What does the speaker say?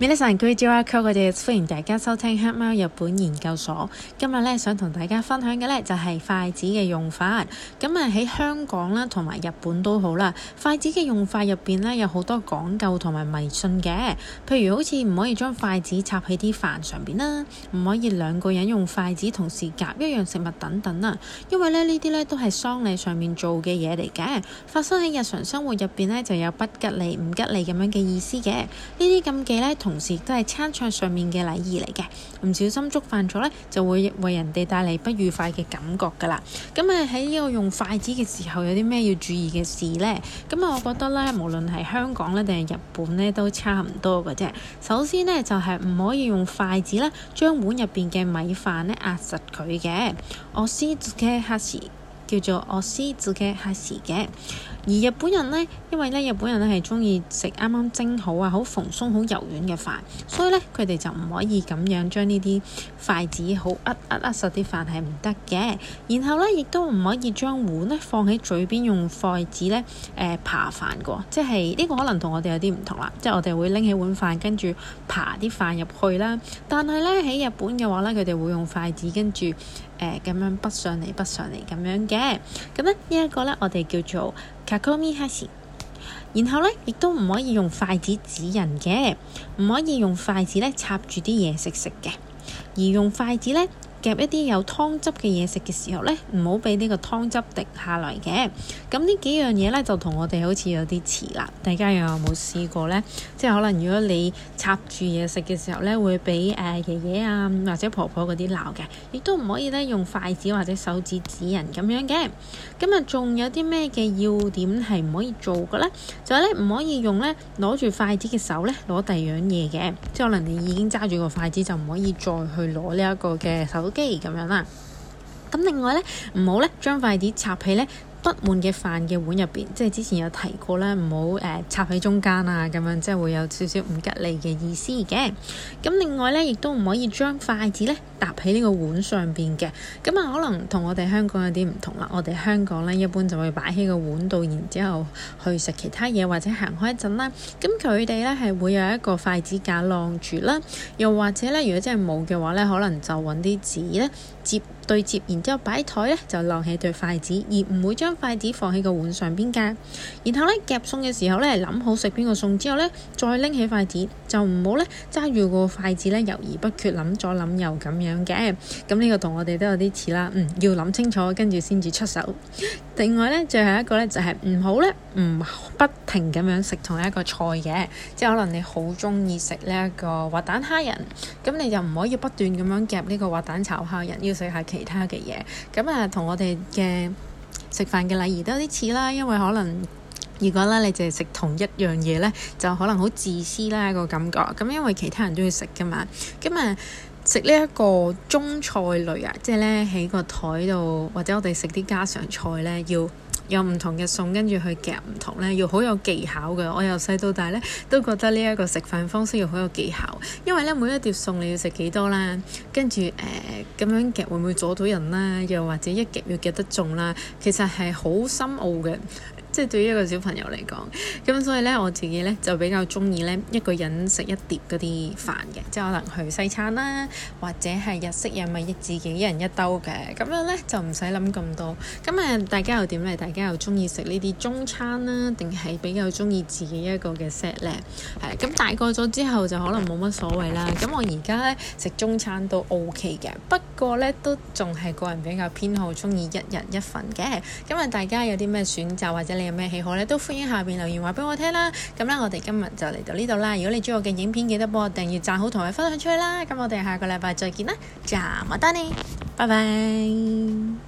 每週日九點九分，歡迎大家收聽黑貓日本研究所。今日咧想同大家分享嘅咧就係筷子嘅用法。咁啊喺香港啦，同埋日本都好啦，筷子嘅用法入邊咧有好多講究同埋迷信嘅。譬如好似唔可以將筷子插喺啲飯上邊啦，唔可以兩個人用筷子同時夾一樣食物等等啦。因為咧呢啲咧都係喪禮上面做嘅嘢嚟嘅，發生喺日常生活入邊咧就有不吉利、唔吉利咁樣嘅意思嘅。呢啲禁忌咧同同時都係餐桌上面嘅禮儀嚟嘅，唔小心觸犯咗呢，就會為人哋帶嚟不愉快嘅感覺噶啦。咁啊喺呢個用筷子嘅時候，有啲咩要注意嘅事呢？咁啊，我覺得呢，無論係香港呢定係日本呢，都差唔多嘅啫。首先呢，就係、是、唔可以用筷子咧，將碗入邊嘅米飯呢壓實佢嘅。おしづけはし叫做おしづけはし嘅。而日本人呢，因為呢，日本人呢係中意食啱啱蒸好啊，好蓬鬆、好柔軟嘅飯，所以呢，佢哋就唔可以咁樣將呢啲筷子好握握握實啲飯，係唔得嘅。然後呢，亦都唔可以將碗呢放喺嘴邊，用筷子呢誒扒飯嘅，即係呢個可能同我哋有啲唔同啦。即係我哋會拎起碗飯，跟住扒啲飯入去啦，但係呢，喺日本嘅話呢，佢哋會用筷子跟住誒咁樣不上嚟不上嚟咁樣嘅。咁呢呢一個呢，我哋叫做。然後咧亦都唔可以用筷子指人嘅，唔可以用筷子插住啲嘢食食嘅，而用筷子咧。夾一啲有湯汁嘅嘢食嘅時候呢，唔好俾呢個湯汁滴下來嘅。咁呢幾樣嘢呢，就同我哋好似有啲似啦。大家有冇試過呢？即係可能如果你插住嘢食嘅時候呢，會俾誒爺爺啊或者婆婆嗰啲鬧嘅。亦都唔可以呢用筷子或者手指指人咁樣嘅。咁啊，仲有啲咩嘅要點係唔可以做嘅呢？就係呢，唔可以用呢攞住筷子嘅手呢攞第二樣嘢嘅。即係可能你已經揸住個筷子就唔可以再去攞呢一個嘅手。機咁樣啦，咁另外咧，唔好咧將筷子插起咧。不滿嘅飯嘅碗入邊，即係之前有提過啦，唔好誒插喺中間啊，咁樣即係會有少少唔吉利嘅意思嘅。咁另外咧，亦都唔可以將筷子咧搭喺呢個碗上邊嘅。咁啊，可能同我哋香港有啲唔同啦。我哋香港咧一般就會擺喺個碗度，然之後去食其他嘢或者行開一陣啦。咁佢哋咧係會有一個筷子架晾住啦。又或者咧，如果真係冇嘅話咧，可能就揾啲紙咧接對接，然之後擺台咧就晾起對筷子，而唔會將。將筷子放喺個碗上邊㗎，然後呢，夾餸嘅時候呢，諗好食邊個餸之後呢，再拎起筷子，就唔好呢揸住個筷子呢猶豫不決，諗左諗右咁樣嘅。咁呢個同我哋都有啲似啦。嗯，要諗清楚，跟住先至出手。另外呢，最後一個呢，就係、是、唔好呢，唔不停咁樣食同一個菜嘅，即係可能你好鍾意食呢一個滑蛋蝦仁，咁你就唔可以不斷咁樣夾呢個滑蛋炒蝦仁，要食下其他嘅嘢。咁啊，同我哋嘅。食飯嘅禮儀都有啲似啦，因為可能如果咧你淨係食同一樣嘢咧，就可能好自私啦，個感覺。咁因為其他人都要食噶嘛，咁啊食呢一個中菜類啊，即係咧喺個台度或者我哋食啲家常菜咧要。有唔同嘅餸，跟住去夾唔同咧，要好有技巧嘅。我由細到大咧，都覺得呢一個食飯方式要好有技巧，因為咧每一碟餸你要食幾多啦，跟住誒咁樣夾會唔會阻到人啦，又或者一夾要夾得中啦，其實係好深奧嘅。即係對於一個小朋友嚟講，咁所以呢，我自己呢就比較中意呢一個人食一碟嗰啲飯嘅，即係可能去西餐啦，或者係日式嘢咪自己一人一兜嘅，咁樣呢就唔使諗咁多。咁誒，大家又點呢？大家又中意食呢啲中餐啦，定係比較中意自己一個嘅 set 呢？係咁大個咗之後就可能冇乜所謂啦。咁我而家呢，食中餐都 OK 嘅，不過呢都仲係個人比較偏好中意一人一份嘅。咁啊，大家有啲咩選擇或者你？有咩喜好咧，都歡迎下邊留言話俾我聽啦。咁咧，我哋今日就嚟到呢度啦。如果你中意我嘅影片，記得幫我訂閱、讚好同埋分享出去啦。咁我哋下個禮拜再見啦，じゃ、またね，拜拜。